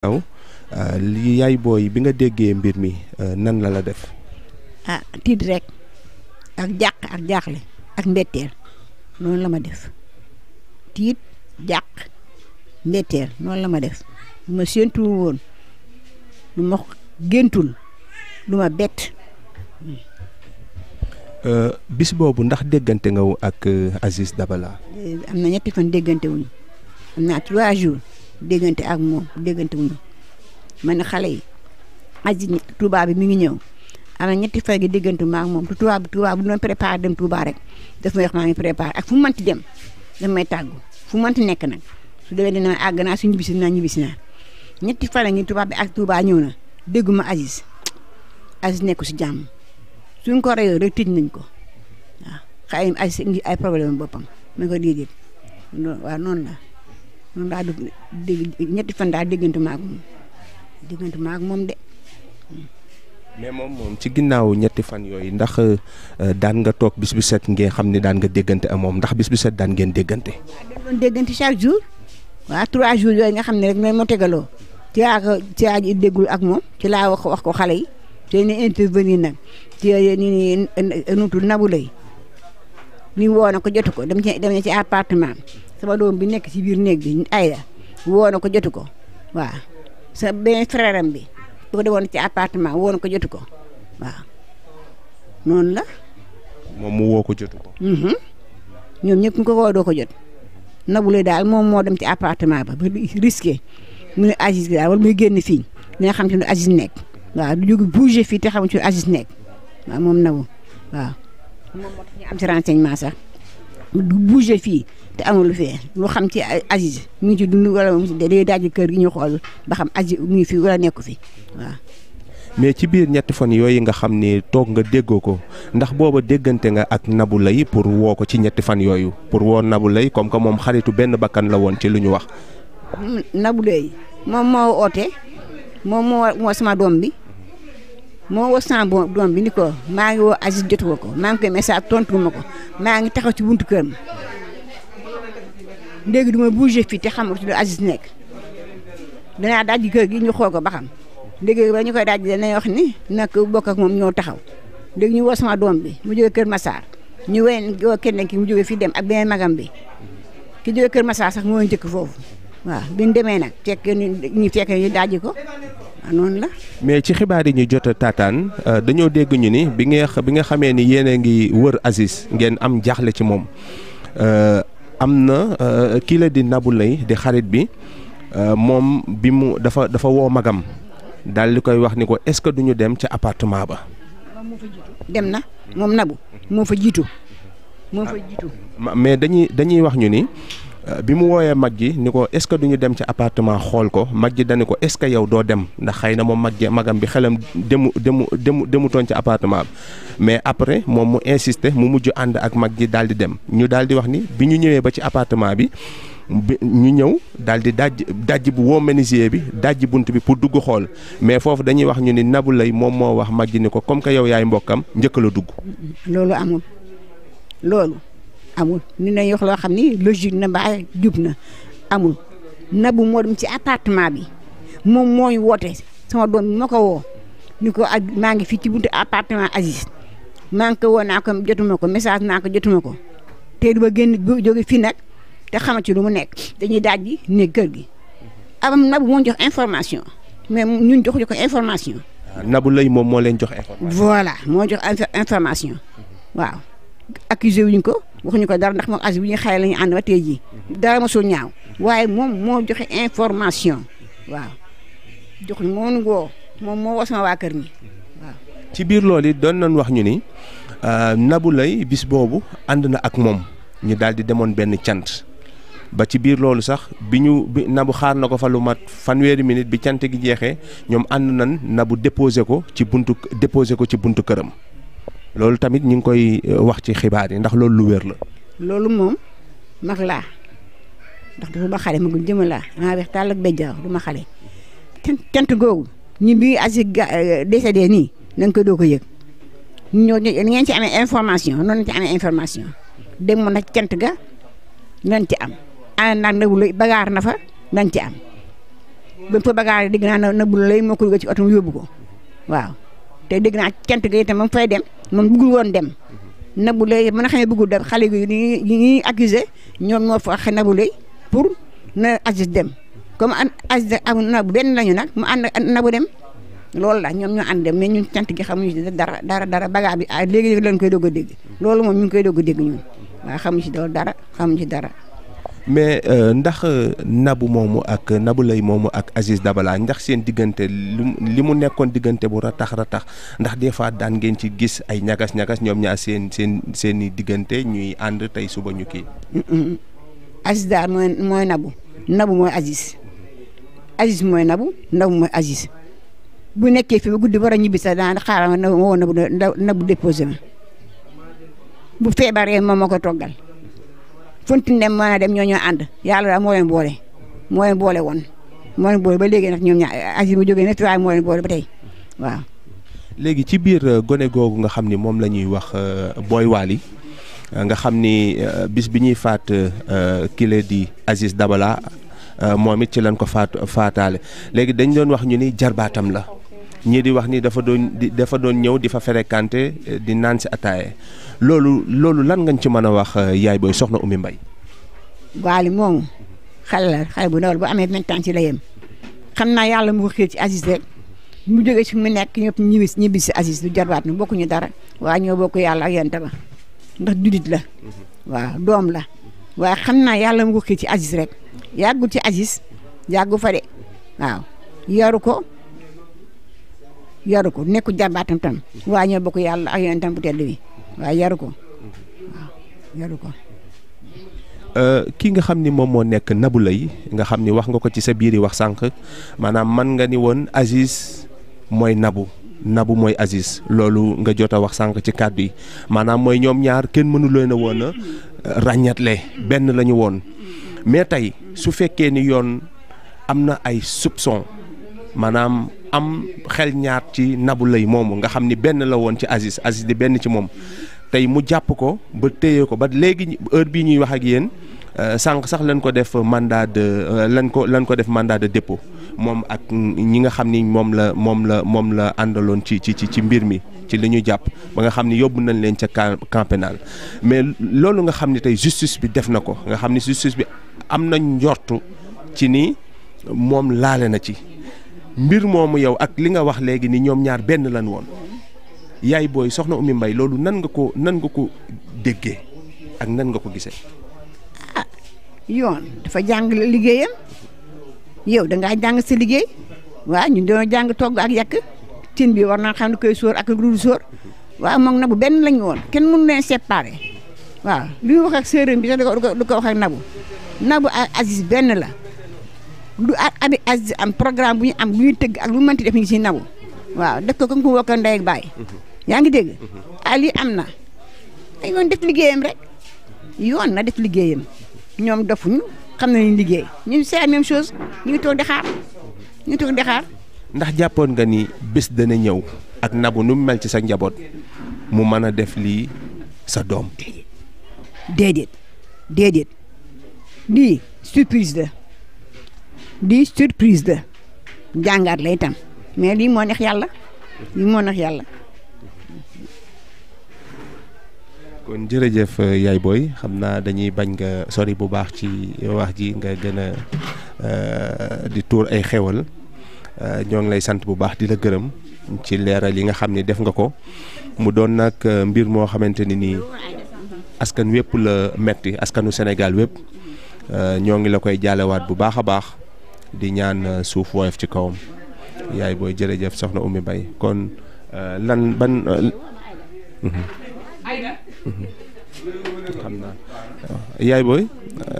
aw li euh, yaay booy bi nga déggee mbir mi euh, nan la la def ah tiit rek ak jàq ak jaaxle ak mbetteel noonu la ma def tiit jàq mbetteel noonu la ma def lu ma séentu woon lu ma géntul lu ma bett euh, bis boobu ndax déggante nga ak Aziz Dabala am na ñetti fan déggante am naa trois jours déggante ak moom déggante wuñu ma ne xale yi aji Touba bi mu ngi ñëw am ñetti fay gi déggante ma ak moom te Touba bu doon préparé dem Touba rek daf may wax ak fu mu mënti dem daf may tàggu fu mu mënti nekk nag su demee dina àgg naa su naa ñibbisi naa ñetti fan la bi ak Touba ñëw na dégguma Aziz Aziz nekku si jàmm suñ ko reyoo rek nañ ko ay problème boppam ma ko déedéet noonu la. noonu laa dégg ñetti fan daal déggante ma ak moom ma moom de. mais moom moom ci ginnaaw ñetti fan yooyu ndax euh, daan nga toog bis bu set ngeen xam ni daan nga déggante ak moom ndax bis bu set daan ngeen déggante. chaque jour waa trois jours yooyu nga xam ne rek mooy ma tegaloo ci laa ko ci laa déggul ak moom ci laa wax wax ko xale yi te ni intervenir nag ci ni nutul nabu lay ni woo na ko jotu ko dem ci dem na ci appartement sama doom bi nekk ci biir néeg bi Aïda woo na ko jotu ko waaw sa benn frère bi bu ko ci appartement woo na ko jotu ko waaw noonu la. moom mu woo ko jotu ko. Mm-hmm. ñoom ñëpp ñu ko woo doo ko jot Nabou Leye daal moom moo dem ci appartement ba ba risqué mu ne Aziz daal wala muy génn fii dina xam ci ne Aziz nekk waaw du jóg bouger fii te xam ci ne Aziz nekk waaw moom Nabou waaw moom moo tax ñu am ci renseignement sax. du fii te amul fee lu xam ci Aziz mu ngi ci dund wala mu ngi ci dee day daaj kër gi ñu xool ba xam Aziz mu ngi fi wala nekku fi waaw. mais ci biir ñetti fan yooyu nga xam ni toog nga déggoo ko ndax booba déggante nga ak Nabou Leye pour woo ko ci ñetti fan yooyu pour woo Nabou lay comme que moom xaritu benn bakkan la woon ci lu ñu wax. nabu Leye moom moo oote moom moo sama doom bi moo woo sama doom bi ni ko maa ngi woo Aziz jotu ko maa ngi koy ma ko maa ngi taxaw ci buntu këram léegi du ma bougé fii te xamul ci lu Aziz nekk danaa daj kër gi ñu xool ko ba xam léegi ba ñu koy daj danañ wax ni nag bokk ak moom ñoo taxaw léegi ñu woo sama doom bi mu jógee Kër Massar ñu wéy woo kenn ki mu jógee fii dem ak beneen magam bi ki jógee Kër Massar sax moo njëkk foofu waaw bi ñu demee nag fekk ñu fekk ñu daj ko. waaw la. mais ci xibaar yi ñu jot a taataan euh, dañoo dégg ñu ni bi nga bi nga xamee ni yéen a ngi wër Aziz ngeen am jaaxle ci moom euh, am na euh, kii la di nabu lay di xarit bi moom bi mu dafa dafa woo magam daal di koy wax ni ko est-ce que duñu dem ca appartement ba. dem na moom Nabou moo fa jiitu. jiitu. Ah, mais dañuy dañuy wax ñu ni. Euh, bi mu wooyee mag ji ni ko est-ce que duñu dem ci apartement xool ko mag ji dañu ko est-ce que yow doo dem ndax xëy na moom mag ji magam bi xelam demu demu demu demutoon ci apartement bi mais après moom mu insister mu mujj ànd ak mag ji daal di dem ñu daal di wax ni bi ñu ñëwee ba ci apartement bi bi ñu ñëw daal di daj daj bu woo menuisier bi daj bunt bi pour dugg xool mais foofu dañuy wax ñu ni nabu lay moom moo wax mag ji ni ko comme que yow yaay mbokkam njëkk la dugg. amul ni nañ wax loo xam ni logique na mbaa jub na amul nabu moo dem ci appartement bi moom mooy woote sama doom bi ko woo ni ko ak maa ngi fii ci buntu appartement Aziz maa ngi ko woo naa ko jotuma ko message naa ko jotuma ko te du ba génn jóge fii nag te xama ci lu mu nekk dañuy daaj ji ne kër gi am nabu moo jox information mais ñun joxuñu ko information. Ah, nabu lay moom moo leen jox information. moo jox information mhm. waaw accusé ko. waxuñu ko dara ndax ma as bi ñu xale la ñu ànd ba tey jii mhm. dara mosul ñaaw waaye moom moo joxe information mhm. waaw jox moom moo woo sama waa kër ñi mhm. waaw. ci biir loolu it doon nañ wax ñu ni euh, nabu lay bis boobu ànd na ak moom ñu daal di demoon benn cant ba ci biir loolu sax bi ñu bi nabu xaar na ko fa lu mat fanweeri minute bi cant gi jeexee ñoom ànd nañ Nabou déposé ko ci buntu déposé ko ci buntu këram. loolu tamit ñu ngi koy euh, wax ci xibaar yi ndax loolu lu wér la. loolu moom mag laa ndax dafa ba xale ma gu jëma laa maa weex tàll ak béjjaaw du ma xale. tent googu ñu bii asi euh, décédé nii na nga koy doo ko yëg ñoo ngeen ci amee information noonu ci amee information dégg mu nag cant ga nañ ci am. ànd nag Nabou Leye bagaar na fa nañ ci am bépp bagaar yi dégg naa Nabou Leye moo ko yóbbu ci oto yóbbu ko waaw te dégg naa cant ga itam moom fay dem. moom bëggul woon dem Nabou Leye mën a xam ne bëggul dem xale yi ñuy ñuy accusé ñoom ñoo fa wax Nabou Leye pour na Aziz dem comme Aziz ak Nabou benn lañu nag mu ànd Nabou dem loolu la ñoom ñoo ànd dem mais ñun cant gi xamuñu ci dara dara dara bagaa bi ah léegi-léegi lañ koy doog dégg loolu moom ñu ngi koy doog a dégg ñun waaw xamuñu ci dara xamuñu ci dara. mais euh, ndax euh, nabu moomu ak nabu lay moomu ak Aziz Dabala ndax seen diggante li mu nekkoon diggante bu ratax ratax ndax des fois daan ngeen ci gis ay ñagas ñagas ñoom ñaar seen seen seen diggante ñuy ànd tey suba ñu kii. Aziz daal mooy mooy nabu nabu mooy Aziz Aziz mooy nabu nabu mooy Aziz bu nekkee fi ba guddi war a ñibbi sax daan xaaral ma woo nabu nabu bu feebaree moom moo ko toggal. funti ne mën dem ñoo ñoo ànd yàlla daal moo leen boole moo leen boole woon moo leen boole ba léegi nag ñoom ñaar as mu jógee ne tuwaay moo leen boole ba tey waaw. léegi ci biir euh, gone googu nga xam ni moom la ñuy wax euh, Boy Waly euh, nga xam ni bis bi ñuy faat kile di Aziz Dabala moom it ci lañ ko faat faataale léegi dañ doon wax ñu ni jarbaatam la. ñii di wax nii dafa doon dafa doon ñëw di fa fréquenté eh, di naan si ataaye loolu loolu lan ngañ ci mën a wax eh, yaay booy soxna Oumy Mbaye Waly moom xale la xale bu ndaw la bu amee vingt ans ci la yem xam naa yàlla mu xiir ci Aziz rek mu jógee ci mu nekk ñëpp ñibis ñibis si Aziz du jarwaat nu bokkuñu dara waa ñoo bokk yàlla ak yonent ba ndax dudit la waa doom la waaye xam naa yàlla mu xiir ci Aziz rek yàggu ci Aziz yàggu fa de waaw yaru ko yaru ko nekku jàmbaatam tam waa ñoo bokk yàlla ak yonentam bu tedd bi waaye yaru ko waaw euh, ki nga xam ni moom moo nekk nabu lay nga xam ni wax nga ko ci sa biir yi wax sànq maanaam man nga ni woon Aziz mooy nabu nabu mooy Aziz loolu nga jot a wax sànq ci kàddu yi maanaam mooy ñoom ñaar kenn mënu leen a woon a ràññatle benn la ñu woon mais tey su fekkee ni yoon am na ay soupçon maanaam. am xel ñaar ci nabu lay moomu nga xam ni benn la woon ci Aziz Aziz di benn ci moom tey mu jàpp ko ba téye ko ba léegi heure bii ñuy wax ak yéen euh, sànq sax lañ ko def mandat de euh, lañ ko lañ ko def mandat de dépôt moom ak ñi nga xam ni moom la moom la moom la àndaloon ci ci ci mbir mi ci li jàpp ba nga xam ni yóbbu nañ leen ca camp pénal mais loolu nga xam ni tey justice bi def na ko nga xam ni justice bi am nañ njortu ci nii moom laale na ci. mbir moomu yow ak li nga wax léegi ni ñoom ñaar benn lan woon yaay booy soxna Oumy mbay loolu nan nga ko nan nga ko déggee ak nan nga ko gisee. ah yoon dafa jàng liggéeyam yow da ngaa jàng sa liggéey waa ñu dañoo jàng togg ak yàq tin bi war naa xam ne koy sóor ak lu dul sóor waaw moom nabu benn lañu woon kenn mënu leen séparé waaw li mu wax ak séeréer bi sax du ko wax ak nabu nabu ak Aziz benn la. du abi as am programme bu ñu am lu ñu tëgg ak lu mënti def ñu ngi si nabu waaw def ko comme ku wokk ndey ak baay mhm. yaa ngi dégg mhm. ah am na ay yoon def liggéeyam rek yoon na def liggéeyam ñoom dofuñu xam nañu liggéey ñu c'est la même chose ñu ngi toog di mhm. ñu ngi toog di ndax jàppoon nga ni bés dana ñëw ak nabu nu mu mel ci sa njaboot mu mën a def lii sa doom déedéet déedéet lii surprise la di surprise la jàngaat la itam mais lii moo neex yàlla lii moo neex yàlla. kon jërëjëf euh, yaay booy xam naa dañuy bañ nga sori bu baax ci wax ji nga gën a euh, di tuur ay xewal euh, ñoo ngi lay sant bu baax di la gërëm ci leeral yi nga xam ni def nga ko mu doon nag mbir moo xamante ni nii askan wépp la metti askanu Sénégal wépp ñoo ngi la koy jaalewaat bu baax a baax di ñaan euh, suuf woyof ci kawam yaay booy jërëjëf soxna Oumy bay kon euh, lan ban. Euh, mhm. Mhm. yaay booy.